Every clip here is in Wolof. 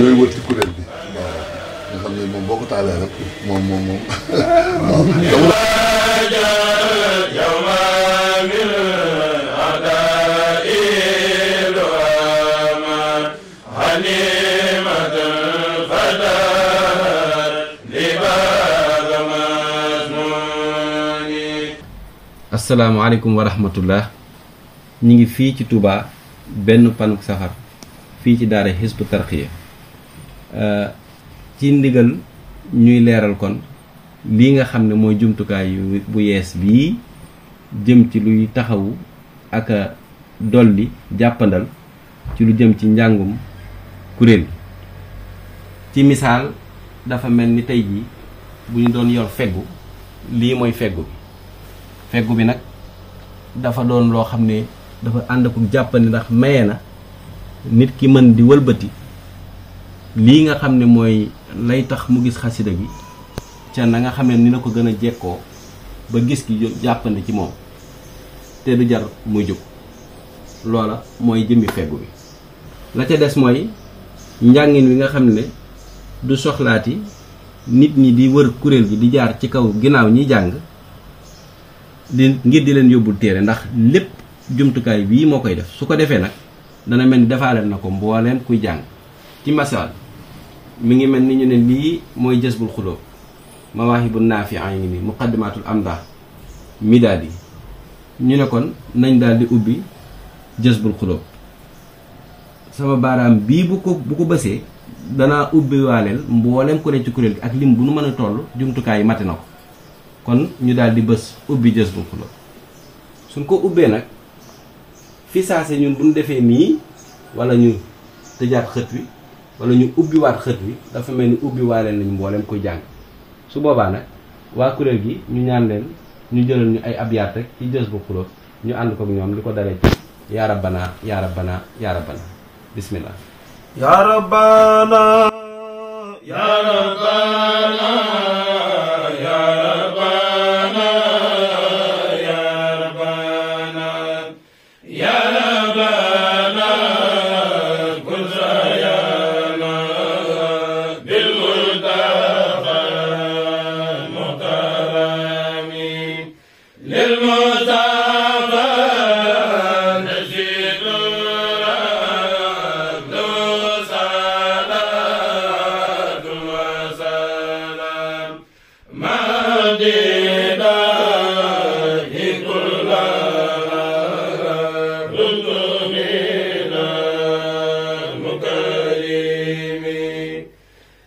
ñooy wër ci kuréel bi waaw nga xam ne moom boo ko taalee rek moom moom ngi fii ci Touba benn panuk safar fii ci daara Hizbut Tarqiyyah ci ndigal ñuy leeral kon lii nga xam ne mooy jumtukaay bu yees bii jëm ci luy taxawu ak a dolli jàppandal ci lu jëm ci njàngum kuréel ci misaal dafa mel ni tey jii bu ñu doon yor feggu lii mooy feggu bi feggu bi nag dafa doon loo xam ne dafa ànd ak jàppandi ndax maye na nit ki mën di wëlbati lii nga xam ne mooy lay tax mu gis xasida gi ca na nga xam ne ni na ko gën a jekkoo ba gis gi jàppandi ci moom te du jar muy jóg loola mooy jëmmi feggu bi la ca des mooy njàngin bi nga xam ne du soxlaati nit ñi di wër kuréel gi di jaar ci kaw ginnaaw ñi jàng di ngir di leen yóbbul téere ndax lépp jumtukaay bii moo koy def su ko defee nag dana mel ni defaale na ko mbooleem kuy jàng ci mi ngi mel ni ñu ne lii mooy jës jësbul xulóob mawaahibu naafi'a ngi ni muqaddimatul amda midaadi ñu ne kon nañ daal di ubbi jësbul xulóob sama baaraam bii bu ko bu ko bësee danaa ubbi waaleel mboolem ku ne ci kuréel gi ak lim bu nu mën a toll jumtukaay yi mate na ko kon ñu daal bës ubbi jësbul xulóob suñ ko ubbee nag fi saase ñun bu ñu defee nii walla ñu tëjaat xët wi wala ñu ubbiwaat xët wi dafa mel ni ubbiwaale nañ mboolem koy jàng su boobaa nag waa kuréel gi ñu ñaan leen ñu jëlal ñu ay abyaat rek ci jës bu xulóof ñu ànd ko ñoom li ko dalee ci yaa rabbana yaa rabbana yaa rabbana bismillah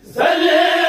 salli